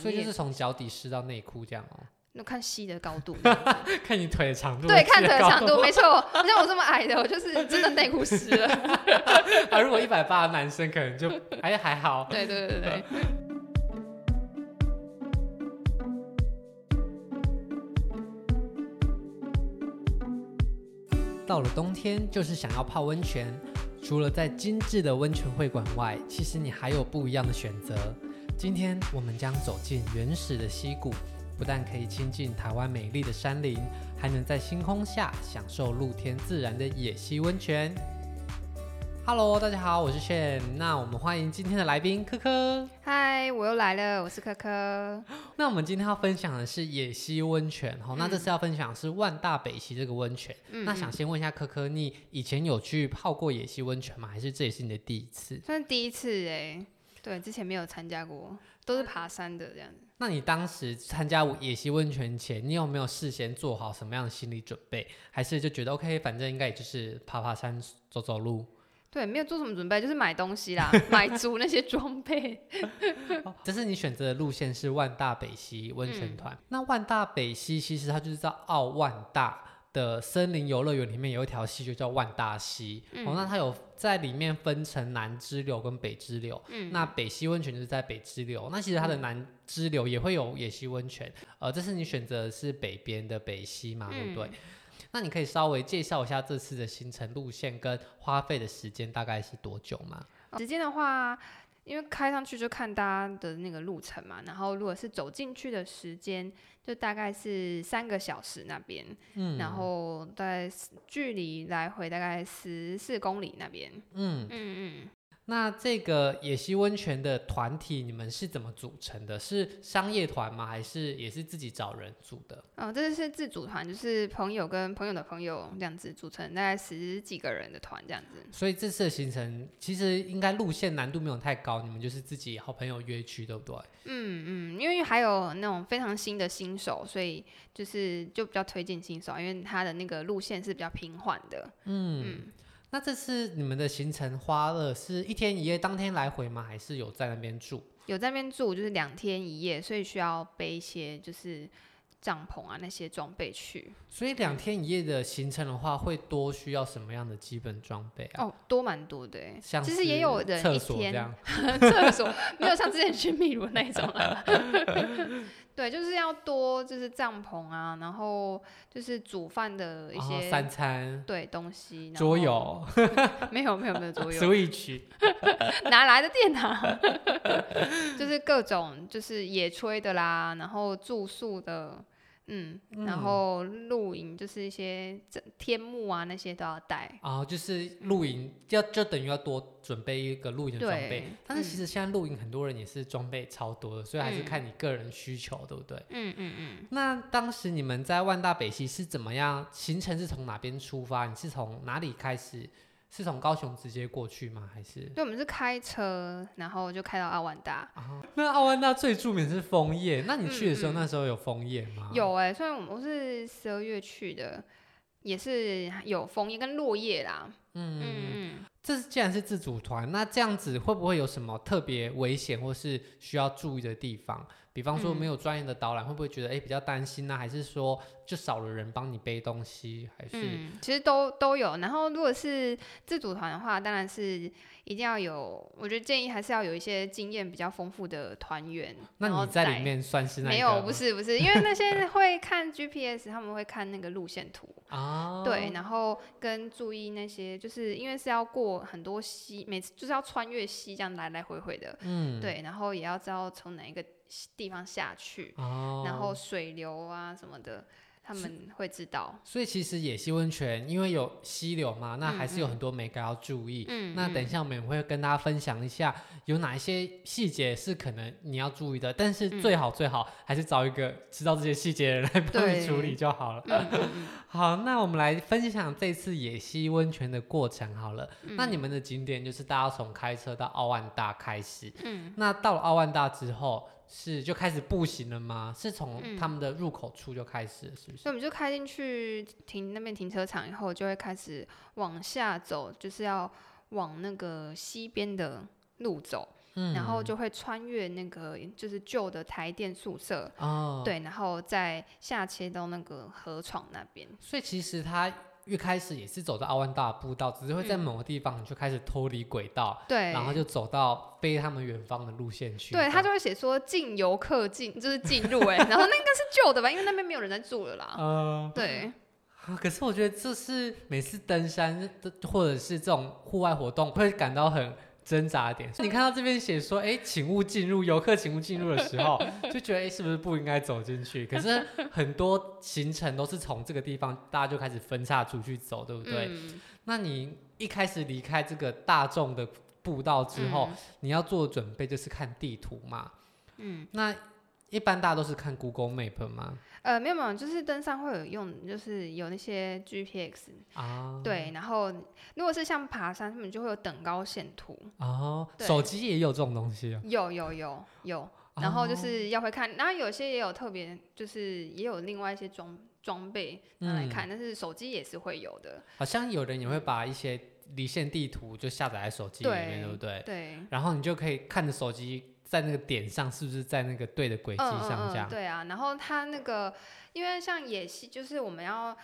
所以就是從腳底濕到內褲這樣哦、喔。那看膝的高度， 看你腿的長度。 對，看腿的長度， 沒錯。你像我這麼矮的，我就是真的內褲濕了。 而如果一百八的男生，可能就哎還, 還好。對對對對，對。 到了冬天，就是想要泡溫泉。除了在精緻的溫泉會館外，其實你還有不一樣的選擇。今天我們將走進原始的溪谷，不但可以親近台灣美麗的山林，還能在星空下，享受露天自然的野溪溫泉。Hello，大家好，我是 Shane。那我們歡迎今天的來賓柯柯。嗨，我又來了，我是柯柯。那我們今天要分享的是野溪溫泉，好、哦。那這次要分享的是萬大北溪這個溫泉。嗯、那想先問一下柯柯，你以前有去泡過野溪溫泉嗎？還是這也是你的第一次？算第一次哎、欸。對，之前沒有參加過，都是爬山的這樣子。那你當時參加野溪溫泉前，你有沒有事先做好什麼樣的心理準備？還是就覺得 OK，反正應該也就是爬爬山、走走路？對，沒有做什麼準備，就是買東西啦， 買足那些裝備。 這是你選擇的路線是萬大北溪溫泉團。嗯、那萬大北溪其實它就是叫澳萬大。的森林遊樂園裡面有一條溪，就叫萬大溪。嗯、哦，那它有在裡面分成南支流跟北支流。嗯、那北溪溫泉就是在北支流。那其實它的南支流也會有野溪溫泉。嗯、呃，這次你選擇的是北邊的北溪嘛，嗯、對不對？那你可以稍微介紹一下這次的行程路線跟花費的時間大概是多久嗎？時間的話。因為開上去就看大家的那個路程嘛，然後如果是走進去的時間，就大概是三個小時那邊，嗯，然後在距離來回大概十四公里那邊，嗯嗯嗯。那這個野溪溫泉的團體你們是怎麼組成的？是商業團嗎？還是也是自己找人組的？哦，這是自組團，就是朋友跟朋友的朋友這樣子組成，大概十幾個人的團這樣子。所以這次的行程其實應該路線難度沒有太高，你們就是自己好朋友約去，對不對？嗯嗯，因為還有那種非常新的新手，所以就是就比較推薦新手，因為他的那個路線是比較平緩的。嗯。嗯那這次你們的行程花了是一天一夜，當天來回嗎？還是有在那邊住？有在那邊住，就是兩天一夜，所以需要背一些就是帳篷啊那些裝備去。所以兩天一夜的行程的話，會多需要什麼樣的基本裝備啊？嗯。哦，多蠻多的欸。像是廁所這樣其實也有人一天廁 所沒有像之前去秘魯那一種了。 對，就是要多，就是帳篷啊，然後就是煮飯的一些、哦、三餐，對東西，然後桌遊呵呵沒有沒有沒有桌遊，Switch 哪來的電腦？ 就是各種就是野炊的啦，然後住宿的。嗯，嗯然後露營就是一些天幕啊，那些都要帶。啊、呃，就是露營、嗯、要就等於要多準備一個露營裝備。嗯、但是其實現在露營很多人也是裝備超多的，所以還是看你個人需求，嗯、對不對？嗯嗯嗯。嗯嗯那當時你們在萬大北溪是怎麼樣？行程是從哪邊出發？你是從哪裡開始？是從高雄直接過去嗎？還是？對，我們是開車，然後就開到奧萬大、啊。那奧萬大最著名是楓葉。嗯、那你去的時候，嗯、那時候有楓葉嗎？有哎、欸，雖然我們是十二月去的，也是有楓葉跟落葉啦。嗯嗯，嗯這既然是自主團，那這樣子會不會有什麼特別危險或是需要注意的地方？比方說沒有專業的導覽，嗯、會不會覺得哎比較擔心呢、啊？還是說就少了人幫你背東西？還是、嗯、其實都都有。然後如果是自組團的話，當然是一定要有。我覺得建議還是要有一些經驗比較豐富的團員。那你在裡面算是那沒有？不是不是，因為那些會看 GPS， 他們會看那個路線圖。啊，對，然後跟注意那些，就是因為是要過很多溪，每次就是要穿越溪這樣來來回回的。嗯。對，然後也要知道從哪一個。地方下去，哦、然後水流啊什麼的，他們會知道。所以其實野溪溫泉，因為有溪流嘛，嗯嗯，那還是有很多眉角要注意。嗯，嗯，那等一下我們也會跟大家分享一下，有哪一些細節是可能你要注意的。但是最好最好還是找一個知道這些細節的人來幫你處理就好了。嗯嗯嗯 好，那我們來分享這次野溪溫泉的過程好了。嗯、那你們的景點就是大家從開車到奧萬大開始，嗯，那到了奧萬大之後。是就開始步行了嗎？是從他們的入口處就開始，是不是、嗯？所以我們就開進去停那邊停車場以後，就會開始往下走，就是要往那個西邊的路走，嗯、然後就會穿越那個就是舊的台電宿舍，哦、對，然後再下切到那個河床那邊。所以其實它。一開始也是走到阿萬大的步道，只是會在某個地方你就開始脫離軌道，嗯、然後就走到背他們遠方的路線去。對他就會寫說禁遊客進，就是進入哎、欸， 然後那應該是舊的吧，因為那邊沒有人在住了啦。嗯、呃，對。可是我覺得就是每次登山或者是這種戶外活動會感到很。掙扎點，你看到這邊寫說，誒、欸，請勿進入，遊客請勿進入的時候，就覺得、欸、是不是不應該走進去？可是很多行程都是從這個地方，大家就開始分叉出去走，對不對？嗯、那你一開始離開這個大眾的步道之後，嗯、你要做的準備就是看地圖嘛，嗯，那。一般大家都是看 Google Map 嗎？呃，沒有沒有，就是登山會有用，就是有那些 GPX 啊。對，然後如果是像爬山，他們就會有等高線圖啊。哦、對手機也有這種東西啊？有有有有。然後就是要會看，然後有些也有特別，就是也有另外一些裝裝備拿來看，嗯、但是手機也是會有的。好像有人也會把一些離線地圖就下載在手機裡面，對，對不對？對。然後你就可以看着手機。在那個點上，是不是在那個對的軌跡上這樣，嗯嗯嗯？對啊。然後它那個，因為像野溪，就是我們要，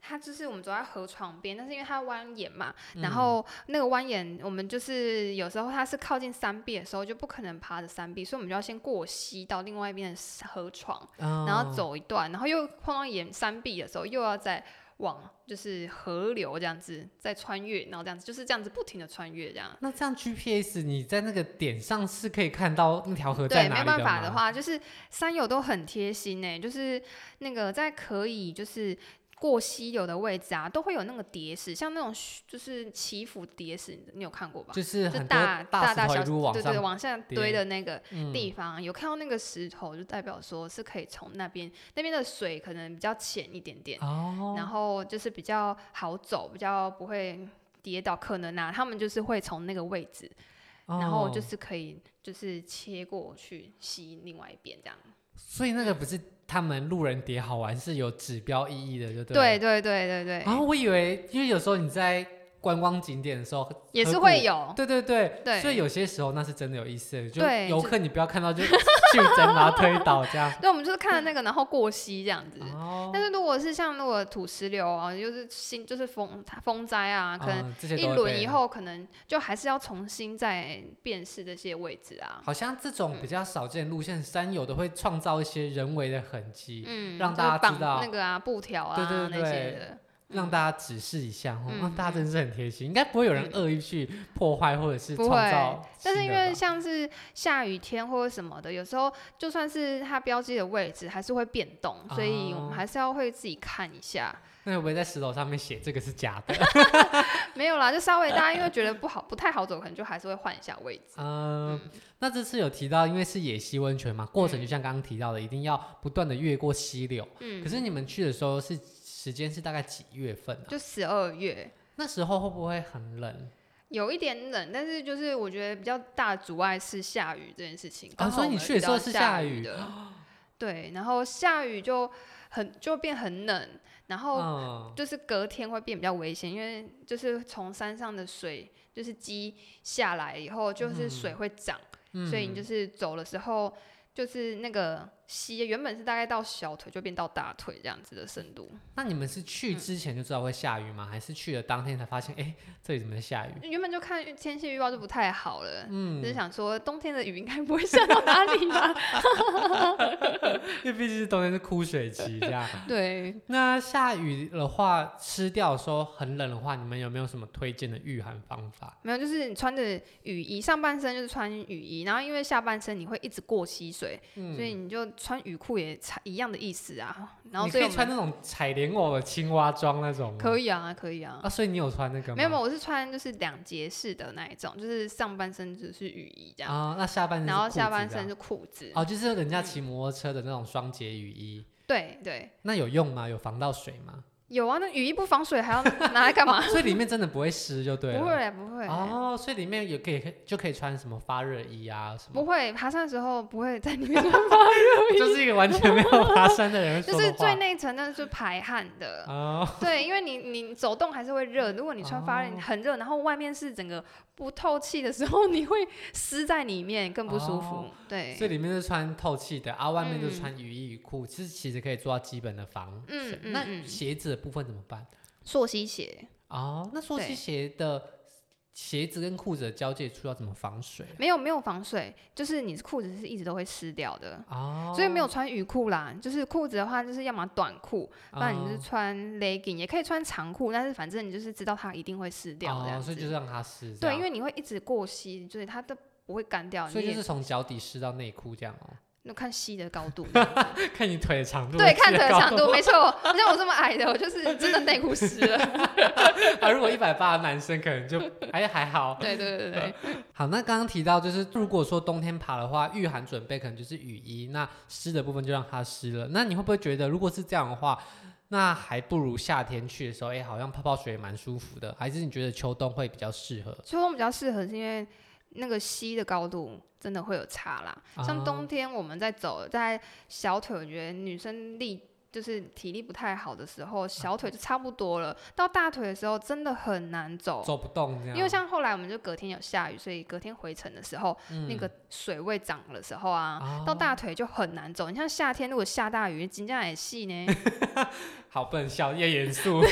它就是我們走在河床邊，但是因為它蜿蜒嘛，然後那個蜿蜒，我們就是有時候它是靠近山壁的時候，就不可能爬着山壁，所以我們就要先過溪到另外一邊的河床，然後走一段，然後又碰到沿山壁的時候，又要再。往就是河流這樣子在穿越，然後這樣子就是這樣子不停的穿越這樣。那這樣 GPS 你在那個點上是可以看到那條河在哪裡的嗎、嗯？對，沒辦法的話，就是山友都很貼心呢、欸，就是那個在可以就是。過溪流的位置啊，都會有那個疊石，像那種就是祈福疊石，你有看過吧？就是很就大大大小大對，對對，往下堆的那個地方，嗯、有看到那個石頭，就代表說是可以從那邊，那邊的水可能比較淺一點點，哦、然後就是比較好走，比較不會跌倒，可能吶、啊，他們就是會從那個位置。然後就是可以，就是切過去吸另外一邊這樣、哦。所以那個不是他們路人疊好玩，是有指標意義的，對不對？對對對對。然後、啊、我以為，因為有時候你在。觀光景點的時候也是會有，對對對，對所以有些時候那是真的有意思的。對就遊客，你不要看到就就整啊 推倒這樣。對，我們就是看了那個，然後過溪這樣子。嗯，但是如果是像那個土石流啊，就是新就是風風災啊，可能一輪以後，可能就還是要重新再辨識這些位置啊。好像這種比較少見的路線，山友的會創造一些人為的痕跡，嗯，讓大家知道那個啊布條啊，對，對對對。讓大家指示一下，讓、哦嗯、大家真的是很貼心，應該不會有人惡意去破壞或者是創造。不會，但是因為像是下雨天或者什麼的，有時候就算是它標記的位置還是會變動，嗯、所以我們還是要會自己看一下。那會不會在石頭上面寫這個是假的？ 沒有啦，就稍微大家因為覺得不好不太好走，可能就還是會換一下位置。嗯，嗯，那這次有提到，因為是野溪溫泉嘛，過程就像剛剛提到的，一定要不斷的越過溪流。嗯，可是你們去的時候是。時間是大概幾月份啊？就十二月，那時候會不會很冷？有一點冷，但是就是我覺得比較大的阻礙是下雨這件事情。啊，所以你去的時候是下雨的，對，然後下雨就很就變很冷，然後就是隔天會變比較危險，啊、因為就是從山上的水就是積下來以後，就是水會漲，嗯、所以你就是走的時候就是那個。洗，原本是大概到小腿就變到大腿這樣子的深度。那你們是去之前就知道會下雨嗎？嗯、還是去了當天才發現？哎、欸，這裡怎麼在下雨？原本就看天氣預報就不太好了，嗯，就是想說冬天的雨應該不會下到哪裡吧， 因為畢竟是冬天是枯水期這樣。 對。那下雨的話，濕掉的時候很冷的話，你們有沒有什麼推薦的御寒方法？沒有，就是你穿着雨衣，上半身就是穿雨衣，然後因為下半身你會一直過溪水，嗯、所以你就。穿雨褲也一樣的意思啊，然後所以，你可以穿那種踩蓮藕的青蛙裝那種，可以啊，可以啊。啊所以你有穿那個嗎？沒有沒有，我是穿就是兩節式的那一種，就是上半身就是雨衣這樣啊、哦，那下半身是然後下半身是褲子哦，就是人家騎摩托車的那種雙節雨衣。對、嗯、對。對，那有用嗎？有防到水嗎？有啊，那雨衣不防水還要拿來幹嘛？所以裡面真的不會濕，就對。不會，不會。哦，所以裡面也可以就可以穿什麼發熱衣啊什麼。不會，爬山的時候不會在裡面穿發熱衣，就是一個完全沒有爬山的人。就是最內層，那是排汗的。哦。對，因為你你走動還是會熱，如果你穿發熱很熱，然後外面是整個不透氣的時候，你會濕在裡面，更不舒服。對。所以裡面是穿透氣的，然後外面就穿雨衣雨褲，其實其實可以做到基本的防，嗯嗯。那鞋子。部分怎麼辦？溯溪鞋哦，那溯溪鞋的鞋子跟褲子的交界處要怎麼防水啊？沒有，沒有防水，就是你褲子是一直都會濕掉的哦，所以沒有穿雨褲啦。就是褲子的話，就是要麼短褲，那你就穿 legging，哦，也可以穿長褲，但是反正你就是知道它一定會濕掉，哦，所以就是讓它濕。對，因為你會一直過膝，就是它都不會乾掉。所以就是從腳底濕到內褲這樣哦，喔。那看膝的高度， 看你腿的長度。對，對，看腿的長度，度沒錯。像我這麼矮的， 我就是真的內褲濕了。 而如果一百八的男生，可能就還 還好。對對對對、嗯。好，那剛剛提到，就是如果說冬天爬的話，御寒準備可能就是雨衣，那濕的部分就讓它濕了。那你會不會覺得，如果是這樣的話，那還不如夏天去的時候，哎、欸，好像泡泡水也蠻舒服的。還是你覺得秋冬會比較適合？秋冬比較適合，是因為。那個溪的高度真的會有差啦，像冬天我們在走，在小腿，我覺得女生力。就是體力不太好的時候，小腿就差不多了；到大腿的時候，真的很難走，走不動這樣。因為像後來我們就隔天有下雨，所以隔天回程的時候，嗯、那個水位漲的時候啊，哦、到大腿就很難走。你像夏天如果下大雨，井架也細呢， 好笨笑，越嚴肅。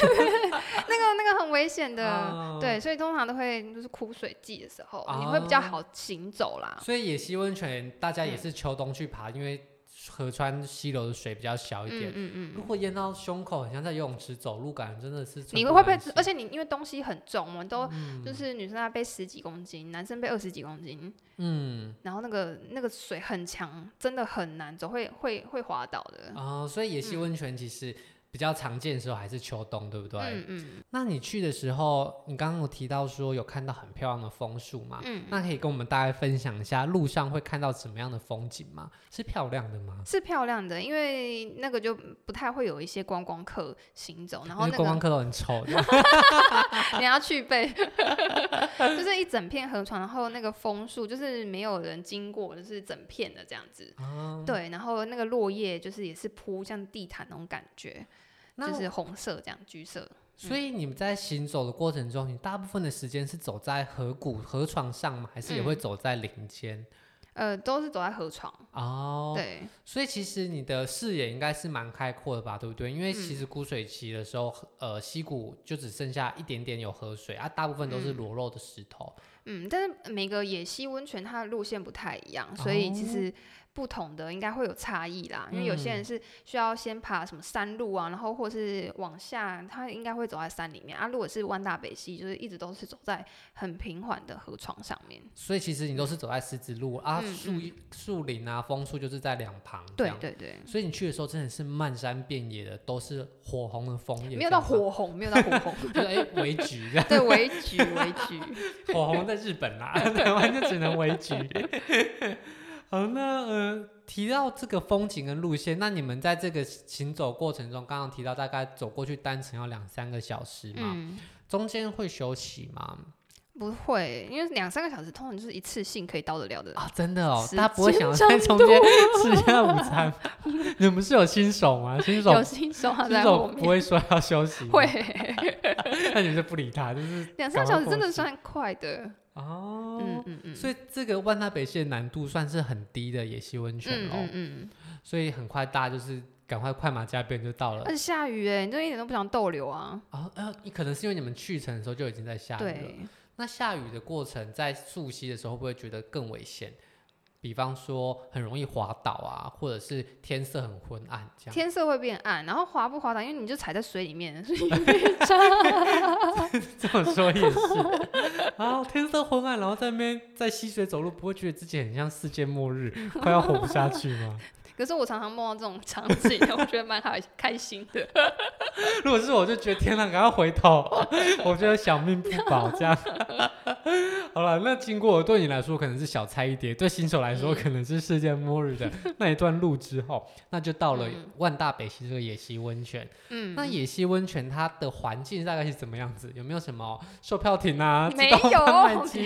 那個那個很危險的，哦、對，所以通常都會就是枯水季的時候，哦、你會比較好行走啦。所以野溪溫泉大家也是秋冬去爬，嗯、因為。河川溪流的水比較小一點，嗯嗯，嗯，如果淹到胸口，好像在游泳池走路感真的是，你會不會？而且你因為東西很重嘛，我們都、嗯、就是女生要背十幾公斤，男生背二十幾公斤，嗯，然後那個那個水很強，真的很難走，會會會滑倒的、哦、所以野溪溫泉其實。嗯比較常見的時候還是秋冬，對不對？嗯嗯。嗯，那你去的時候，你剛剛有提到說有看到很漂亮的楓樹嘛？嗯。那可以跟我們大家分享一下路上會看到怎麼樣的風景嗎？是漂亮的嗎？是漂亮的，因為那個就不太會有一些觀光客行走，然後那個觀光客都很醜。 你要去背， 就是一整片河床，然後那個楓樹就是沒有人經過，就是整片的這樣子。嗯、啊。對，然後那個落葉就是也是鋪像地毯那種感覺。就是紅色這樣，那橘色。所以你們在行走的過程中，嗯、你大部分的時間是走在河谷河床上嗎？還是也會走在林間、嗯？呃，都是走在河床。哦。對。所以其實你的視野應該是蠻開闊的吧，對不對？因為其實枯水期的時候，嗯、呃，溪谷就只剩下一點點有河水啊，大部分都是裸露的石頭。嗯，嗯，但是每個野溪溫泉它的路線不太一樣，所以其實、哦。不同的應該會有差異啦，因為有些人是需要先爬什麼山路啊，然後或是往下，他應該會走在山裡面啊。如果是萬大北溪，就是一直都是走在很平緩的河床上面。所以其實你都是走在石子路啊，樹樹林啊，楓樹就是在兩旁。對對對。所以你去的時候真的是漫山遍野的都是火紅的楓葉。沒有到火紅，沒有到火紅，就是微橘。對，微橘微橘。火紅在日本啦，臺灣就只能微橘。好，那呃，提到這個風景跟路線，那你們在這個行走過程中，剛剛提到大概走過去單程要兩三個小時嘛？嗯、中間會休息嗎？不會，因為兩三個小時通常就是一次性可以到得了的啊、哦！真的哦，他不會想要在中間吃一下午餐？ 你們是有新手嗎？新手有新手，新手，不會說要休息？會，那你們就不理他，就是兩三個小時真的算快的。哦，嗯嗯嗯、所以這個萬大北溪難度算是很低的野溪溫泉咯、嗯嗯嗯、所以很快大家就是趕快快馬加鞭就到了。而且下雨哎，你就一點都不想逗留啊？啊、哦呃，可能是因為你們去程的時候就已經在下雨了。對那下雨的過程，在溯溪的時候會不會覺得更危險？比方說很容易滑倒啊，或者是天色很昏暗，這樣？天色會變暗，然後滑不滑倒，因為你就踩在水裡面，所以 這麼說也是。然後天色昏暗，然後在那邊在溪水走路，不會覺得自己很像世界末日， 快要活不下去嗎？可是我常常夢到這種場景，我覺得蠻好開心的。如果是我就覺得天啊，趕快回頭，我覺得小命不保。這樣好了，那經過對你來說可能是小菜一碟，對新手來說可能是世界末日的那一段路之後，那就到了萬大北溪這個野溪溫泉。嗯，那野溪溫泉它的環境大概是怎麼樣子？有沒有什麼售票亭啊？沒有販賣機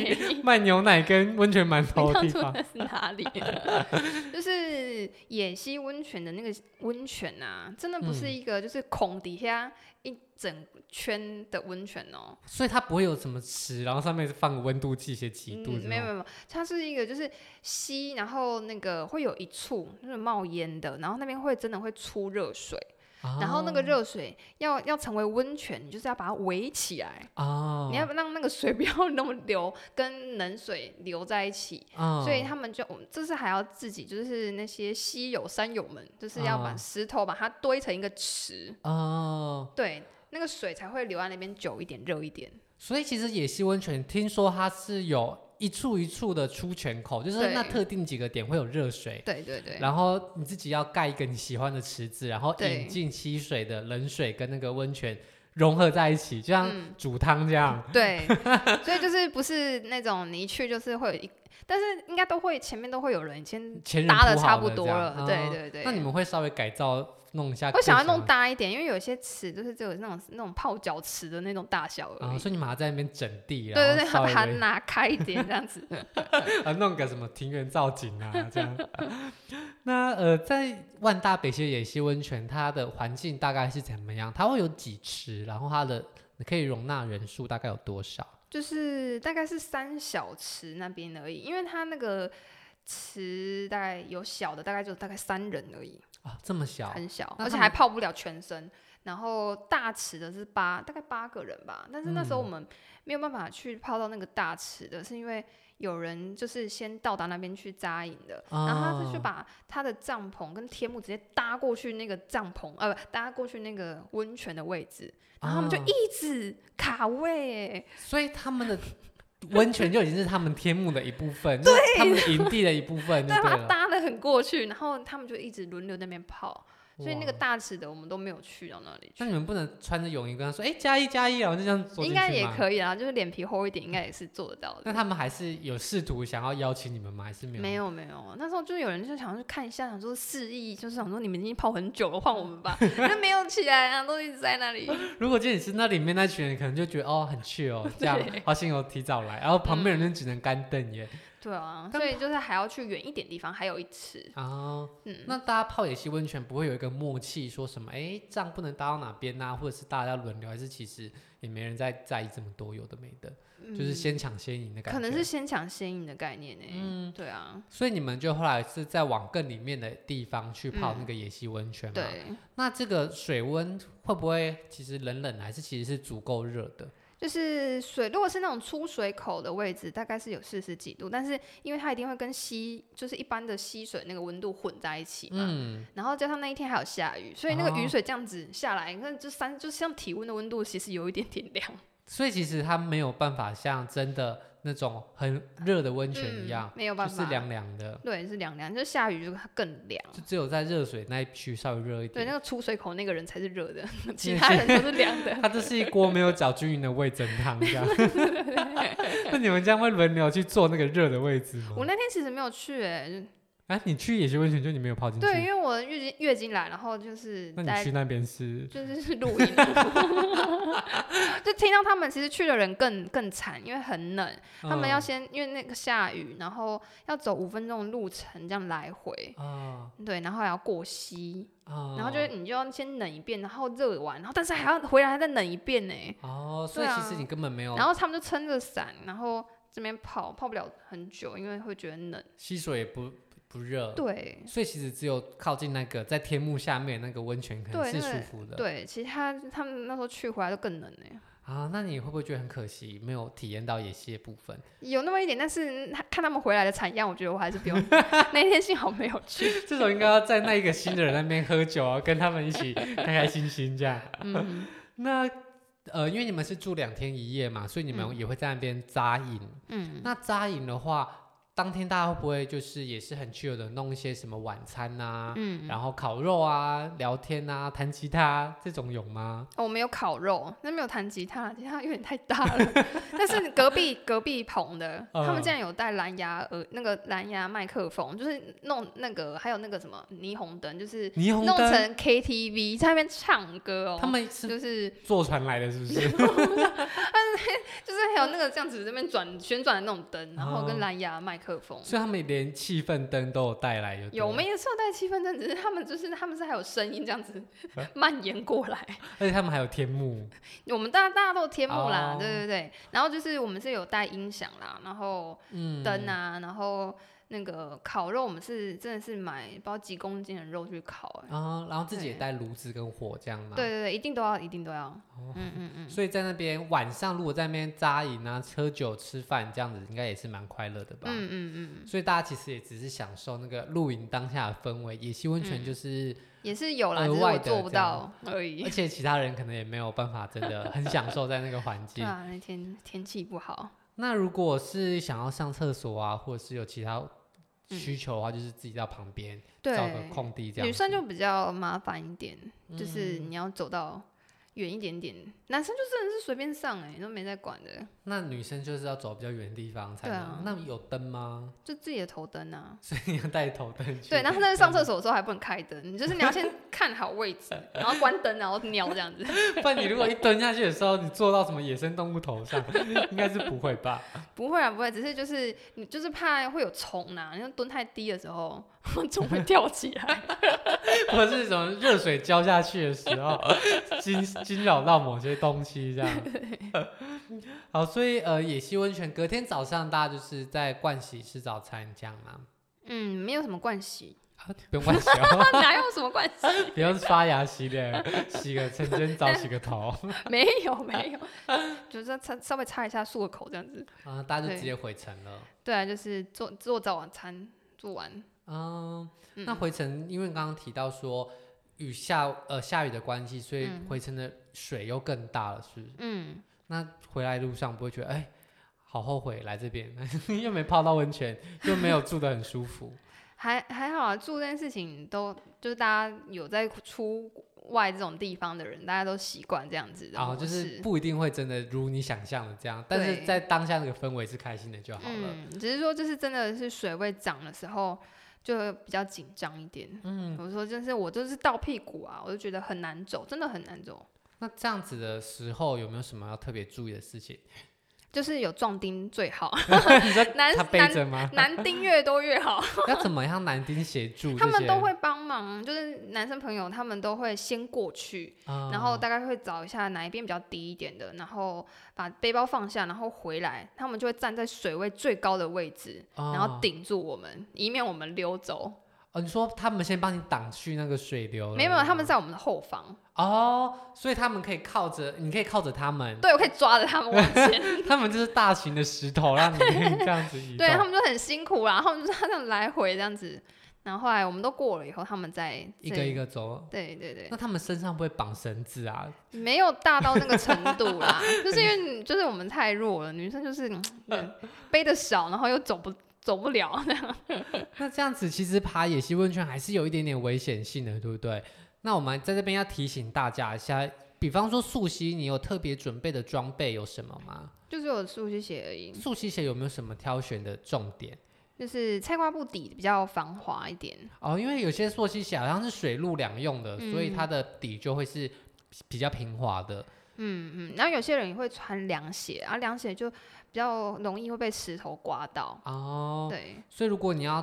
賣牛奶跟溫泉饅頭的地方是哪裡？就是。野溪溫泉的那個溫泉吶、啊，真的不是一個就是孔底下一整圈的溫泉哦、喔嗯，所以它不會有什麼池，然後上面是放個溫度計寫幾度、嗯，沒有沒有沒有，它是一個就是溪，然後那個會有一處就是冒煙的，然後那邊會真的會出熱水。然後那個熱水要、哦、要成為溫泉，你就是要把它圍起來啊！哦、你要讓那個水不要那麼流，跟冷水流在一起。哦、所以他們就這是還要自己，就是那些溪友山友們，就是要把石頭把它堆成一個池啊，哦、對，那個水才會留在那邊久一點，熱一點。所以其實野溪溫泉聽說它是有。一處一處的出泉口，就是那特定幾個點會有熱水。對對對。對對然後你自己要蓋一個你喜歡的池子，然後引進溪水的冷水跟那個溫泉融合在一起，就像煮湯這樣。嗯嗯、對， 所以就是不是那種你一去就是會有一，但是應該都會前面都會有人先搭的差不多了。對對、嗯、對。對對那你們會稍微改造？弄一下，我想要弄大一點，因為有些池就是只有那種那種泡腳池的那種大小而已。嗯、所以你馬上在那邊整地，對對對，把它拿開一點這樣子。呃， 弄個什麼庭園造景啊這樣。 那呃，在萬大北溪野溪溫泉，它的環境大概是怎麼樣？它會有幾池？然後它的可以容納人數大概有多少？就是大概是三小池那邊而已，因為它那個池大概有小的，大概就大概三人而已。這麼小，很小，他而且還泡不了全身。然後大池的是八，大概八個人吧。但是那時候我們沒有辦法去泡到那個大池的，嗯、是因為有人就是先到達那邊去紮營的，哦、然後他就去把他的帳篷跟天幕直接搭過去那個帳篷，呃，不搭過去那個溫泉的位置，然後他們就一直卡位，哦、所以他們的。 溫泉就已經是他們天幕的一部分，對，他們營地的一部分就對， 對，把它搭的很過去，然後他們就一直輪流那邊泡。哇所以那個大池的我們都沒有去到那裡去。那你們不能穿着泳衣跟他說，哎、欸，加一加一啊，然後就這樣做進去嗎？應該也可以啊，就是臉皮厚一點，應該也是做得到的。那他們還是有試圖想要邀請你們嗎？還是沒有？沒有沒有，那時候就是有人就想要去看一下，想說示意，就是想說你們已經泡很久了，換我們吧。那 沒有起來啊，都一直在那裡。 如果真的是那裡面那群人，可能就覺得哦，很去哦，這樣，對好險有提早來，然後旁邊人就只能乾瞪眼。嗯對啊，跟所以就是還要去遠一點地方，還有一次啊。哦嗯、那大家泡野溪溫泉不會有一個默契，說什麼哎，這樣、欸、不能搭到哪邊啊？或者是大家輪流，還是其實也沒人在在意這麼多，有的沒的，嗯、就是先搶先贏的概念，可能是先搶先贏的概念呢、欸。嗯，對啊。所以你們就後來是再往更裡面的地方去泡那個野溪溫泉嘛、嗯？對。那這個水溫會不會其實冷冷、啊，還是其實是足夠熱的？就是水，如果是那種出水口的位置，大概是有四十幾度，但是因為它一定會跟溪，就是一般的溪水那個溫度混在一起嘛，嗯，然後加上那一天還有下雨，所以那個雨水這樣子下來，你看就三，就像體溫的溫度，其實有一點點涼，所以其實它沒有辦法像真的。那種很熱的溫泉一樣、嗯，沒有辦法，就是涼涼的。對，是涼涼，就下雨就更涼。就只有在熱水那一區稍微熱一點。對，那個出水口那個人才是熱的，其他人都是涼的。對他這是一鍋沒有攪均勻的味噌湯，這樣。那你們這樣會輪流去坐那個熱的位置嗎？我那天其實沒有去、欸，哎。哎、啊，你去野溪溫泉就你沒有泡進去？對，因為我月經月經來，然後就是在。那你去那邊是？就是露營。 就聽到他們其實去的人更更慘，因為很冷，嗯、他們要先因為那個下雨，然後要走五分鐘的路程這樣來回。嗯、對，然後還要過溪、嗯、然後就你就要先冷一遍，然後熱完，然後但是還要回來再冷一遍呢。哦，所以其實你根本沒有、啊。然後他們就撐着傘，然後這邊泡，泡不了很久，因為會覺得冷。溪水也不。不熱，對，所以其實只有靠近那個在天幕下面那個溫泉可能對是舒服的。對，其實他他們那時候去回來就更冷呀、欸。啊，那你會不會覺得很可惜，沒有體驗到野溪的部分？有那麼一點，但是看他們回來的慘樣，我覺得我還是不用。 那一天幸好沒有去。 這種應該要在那一個新的人那邊喝酒啊， 跟他們一起開開心心這樣。 嗯、那呃，因為你們是住兩天一夜嘛，所以你們也會在那邊紮營。嗯。那紮營的話。當天大家會不會就是也是很 chill 的弄一些什麼晚餐吶、啊，嗯、然後烤肉啊、聊天啊、彈吉他這種有嗎？哦，我們有烤肉，那沒有彈吉他，吉他有點太大了。 但是隔壁 隔壁棚的，嗯、他們竟然有帶藍牙耳，那個藍牙麥克風，就是弄那個，還有那個什麼霓虹燈，就是 TV, 霓虹燈，弄成 KTV 在那邊唱歌哦。他們是就是坐船來的，是不是？ 就是還有那個這樣子那邊轉旋轉的那種燈，然後跟藍牙麥克風。所以他們連氣氛燈都有帶來？有，有，我們也是有帶氣氛燈，只是他們就是他們是還有聲音這樣子蔓延過來，而且他們還有天幕，我們大家大家都有天幕啦，oh. 對對對，然後就是我們是有帶音響啦，然後燈啊，嗯、然後。那個烤肉，我們是真的是買包幾公斤的肉去烤，啊，然後自己也帶爐子跟火這樣嗎？對對對，一定都要，一定都要。嗯嗯嗯。所以在那邊晚上，如果在那邊紮營啊、喝酒、吃飯這樣子，應該也是蠻快樂的吧？嗯嗯嗯。所以大家其實也只是享受那個露營當下的氛圍，野溪溫泉就是也是有啦，只是我做不到而已。而且其他人可能也沒有辦法，真的很享受在那個環境。啊，那天天氣不好。那如果是想要上廁所啊，或者是有其他。需求的話，就是自己在旁邊找、嗯、個空地這樣子，女生就比較麻煩一點，嗯、就是你要走到。遠一點點，男生就真的是隨便上哎、欸，都沒在管的。那女生就是要走比較遠的地方才能對、啊，那有燈嗎？就自己的頭燈啊，所以你要帶頭燈對，然後他在上廁所的時候還不能開燈，對你就是你要先看好位置， 然後關燈，然後尿這樣子。不然你如果一蹲下去的時候，你坐到什麼野生動物頭上， 應該是不會吧？不會啊，不會，只是就是你就是怕會有蟲啊，因為蹲太低的時候。 總會跳起來， 或者是什麼熱水澆下去的時候驚驚擾到某些東西這樣。好，所以呃，野溪溫泉隔天早上大家就是在盥洗吃早餐這樣嗎？嗯，沒有什麼盥洗，啊、不用盥洗、喔， 哪有什麼盥洗？ 不用刷牙洗臉，洗個晨間澡，洗個頭 沒，沒有沒有， 就是擦稍微擦一下漱個口這樣子啊，大家就直接回程了對。對啊，就是做做早晚餐做完。嗯，嗯，那回程因為剛剛提到說雨下呃，下雨的關係，所以回程的水又更大了，是不是？嗯，那回來路上不會覺得哎，好後悔來這邊， 又沒泡到溫泉，又沒有住得很舒服。還還好啊，住這件事情都就是大家有在出外這種地方的人，大家都習慣這樣子。後、哦、就是不一定會真的如你想象的這樣，但是在當下那個氛圍是開心的就好了、嗯。只是說就是真的是水位漲的時候。就比較緊張一點，嗯，我說真是我就是到屁股啊，我就覺得很難走，真的很難走。那這樣子的時候有沒有什麼要特別注意的事情？就是有壯丁最好， 男男男丁越多越好。 要怎麼樣男丁協助？他們都會幫忙，就是男生朋友，他們都會先過去，哦、然後大概會找一下哪一邊比較低一點的，然後把背包放下，然後回來，他們就會站在水位最高的位置，哦、然後頂住我們，以免我們溜走。哦，你說他們先幫你擋去那個水流？沒有沒有，他們在我們的後方。哦，所以他們可以靠着，你可以靠着他們。對，我可以抓着他們往前。 他們就是大型的石頭，讓 你可以這樣子。對，他們就很辛苦啦，他們就是他這樣來回這樣子。然後後來我們都過了以後，他們再。一個一個走。對對對，那他們身上不會綁繩子啊？沒有大到那個程度啦， 就是因為就是我們太弱了， 女生就是背得少，然後又走不。走不了那， 那這樣子其實爬野溪溫泉還是有一點點危險性的，對不對？那我們在這邊要提醒大家一下，比方說溯溪，你有特別準備的裝備有什麼嗎？就是有溯溪鞋而已。溯溪鞋有沒有什麼挑選的重點？就是菜瓜布底比較防滑一點哦，因為有些溯溪鞋好像是水陸兩用的，嗯、所以它的底就會是比較平滑的。嗯嗯，然後有些人也會穿涼鞋，啊，涼鞋就。比較容易會被石頭颳到哦，對，所以如果你要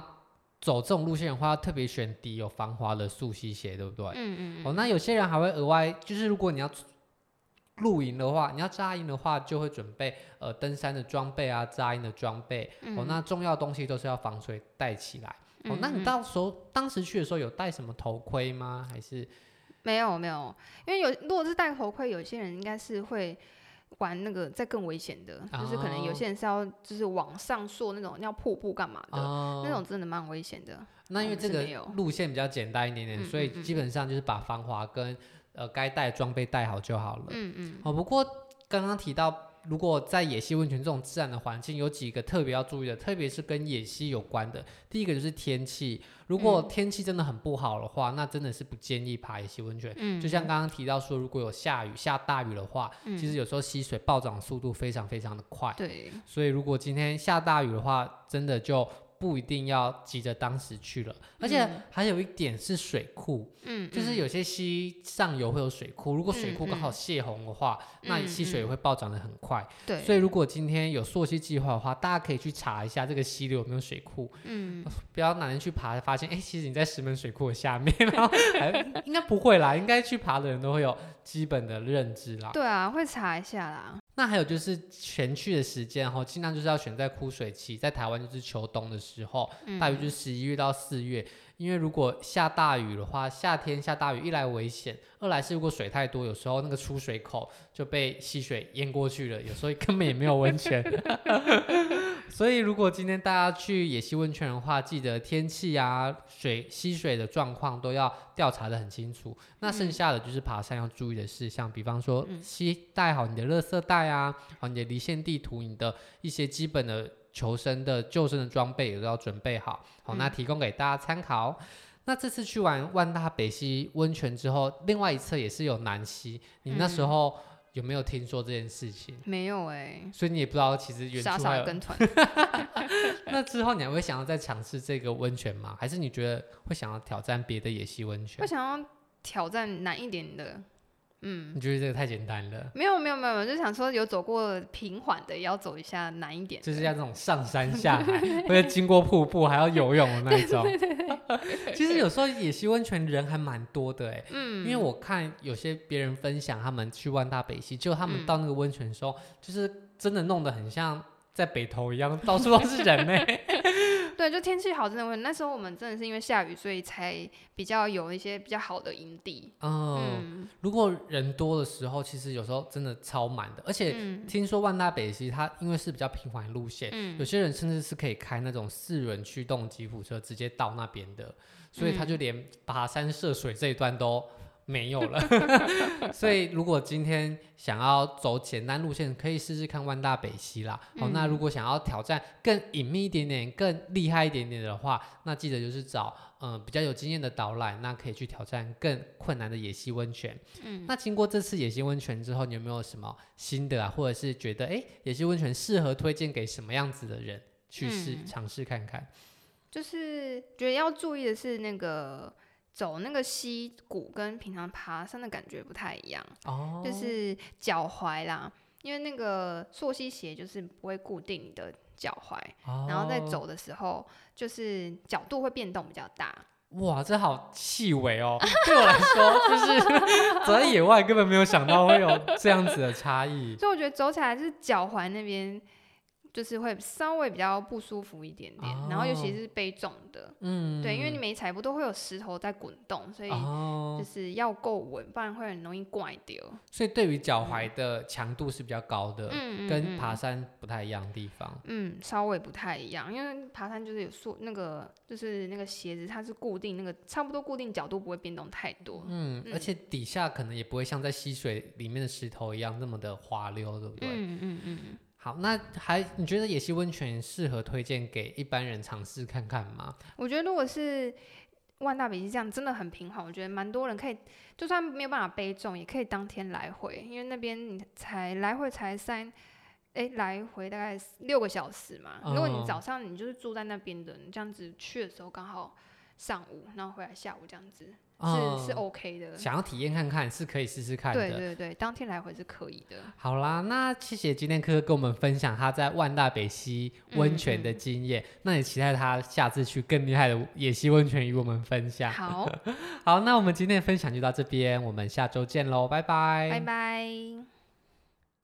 走這種路線的話，要特別選底有防滑的溯溪鞋，對不對？嗯嗯嗯。哦，那有些人還會額外，就是如果你要露營的話，你要扎營的話，就會準備呃登山的裝備啊，扎營的裝備。嗯、哦，那重要東西都是要防水帶起來。嗯嗯哦，那你到時候當時去的時候有帶什麼頭盔嗎？還是沒有沒有，因為有如果是戴頭盔，有些人應該是會。玩那個再更危險的，哦、就是可能有些人是要就是往上溯那種，要瀑布幹嘛的，哦、那種真的蠻危險的。那因為這個路線比較簡單一點點，嗯、所以基本上就是把防滑跟呃該帶的裝備帶好就好了。嗯嗯。哦，不過剛剛提到。如果在野溪溫泉這種自然的環境，有幾個特別要注意的，特別是跟野溪有關的。第一個就是天氣，如果天氣真的很不好的話，嗯、那真的是不建議爬野溪溫泉。嗯、就像剛剛提到說，如果有下雨、下大雨的話，嗯、其實有時候溪水暴漲的速度非常非常的快。對，所以如果今天下大雨的話，真的就。不一定要急着當時去了，嗯、而且還有一點是水庫，嗯、就是有些溪上游會有水庫，嗯、如果水庫剛好洩洪的話，嗯、那溪水也會暴漲的很快，嗯、所以如果今天有溯溪計劃的話，對大家可以去查一下這個溪流有沒有水庫，嗯、不要哪天去爬發現，哎、欸，其實你在石門水庫的下面，然後還 應該不會啦，應該去爬的人都會有基本的認知啦，對啊，會查一下啦。那還有就是，前去的時間哈，盡量就是要選在枯水期，在台灣就是秋冬的時候，大約就是十一月到四月。嗯因為如果下大雨的話，夏天下大雨，一來危險，二來是如果水太多，有時候那個出水口就被溪水淹過去了，有時候根本也沒有溫泉。 所以如果今天大家去野溪溫泉的話，記得天氣啊、水、溪水的狀況都要調查得很清楚。那剩下的就是爬山要注意的事項，像比方說，嗯，帶好你的垃圾袋啊，好你的離線地圖，你的一些基本的。求生的、救生的裝備也都要準備好，好，那提供給大家參考。嗯、那這次去完萬大北溪溫泉之後，另外一側也是有南溪，你那時候有沒有聽說這件事情？嗯、沒有哎、欸，所以你也不知道其實遠處還有。傻傻跟團。那之後你還會想要再嘗試這個溫泉嗎？還是你覺得會想要挑戰別的野溪溫泉？會想要挑戰難一點的。嗯，你覺得這個太簡單了？沒有沒有沒有，沒有沒有，我就想說有走過平緩的，也要走一下難一點，就是像那種上山下海， 對對對對，或者經過瀑布還要游泳的那種。其實有時候野溪溫泉人還蠻多的哎、欸，嗯，因為我看有些別人分享他們去萬大北溪，就他們到那個溫泉的時候，嗯、就是真的弄得很像在北投一樣，到處都是人呢、欸。 對就天氣好真的會，那時候我們真的是因為下雨，所以才比較有一些比較好的營地。嗯，嗯，如果人多的時候，其實有時候真的超滿的。而且聽說萬大北溪它因為是比較平緩路線，嗯、有些人甚至是可以開那種四輪驅動吉普車直接到那邊的，所以他就連跋山涉水這一段都。沒有了， 所以如果今天想要走簡單路線，可以試試看萬大北溪啦。好、嗯哦，那如果想要挑戰更隱秘一點點、更厲害一點點的話，那記得就是找嗯、呃、比較有經驗的導覽，那可以去挑戰更困難的野溪溫泉。嗯，那經過這次野溪溫泉之後，你有沒有什麼心得啊？或者是覺得誒、欸，野溪溫泉適合推薦給什麼樣子的人去試嘗試看看？就是覺得要注意的是那個。走那個溪谷，跟平常爬山的感覺不太一樣，哦、就是腳踝啦，因為那個溯溪鞋就是不會固定你的腳踝，哦、然後在走的時候就是角度會變動比較大。哇，這好細微哦、喔！ 對我來說，就是 走在野外根本沒有想到會有這樣子的差異。 所以我覺得走起來是腳踝那邊就是會稍微比較不舒服一點點，哦、然後尤其是背重的，嗯，對，因為你每踩一步都會有石頭在滾動，所以就是要夠穩，哦、不然會很容易拐掉。所以對於腳踝的強度是比較高的，嗯、跟爬山不太一樣的地方嗯嗯，嗯，稍微不太一樣，因為爬山就是有樹，那個就是那個鞋子它是固定，那個差不多固定角度不會變動太多，嗯，嗯，而且底下可能也不會像在溪水裡面的石頭一樣那麼的滑溜，對不對？嗯嗯嗯。嗯嗯好，那還你覺得野溪溫泉適合推薦給一般人嘗試看看嗎？我覺得如果是萬大北溪這樣真的很平緩，我覺得蠻多人可以，就算沒有辦法背重也可以當天來回，因為那邊你才來回才三，哎、欸、來回大概六個小時嘛。嗯、如果你早上你就是住在那邊的，你這樣子去的時候剛好上午，然後回來下午這樣子。是、嗯、是 OK 的，想要體驗看看是可以試試看的。對對對，當天來回是可以的。好啦，那謝謝今天柯柯跟我們分享他在萬大北溪溫泉的經驗，嗯嗯，那也期待他下次去更厲害的野溪溫泉與我們分享。好， 好，那我們今天的分享就到這邊，我們下周見嘍，拜，拜拜。拜拜。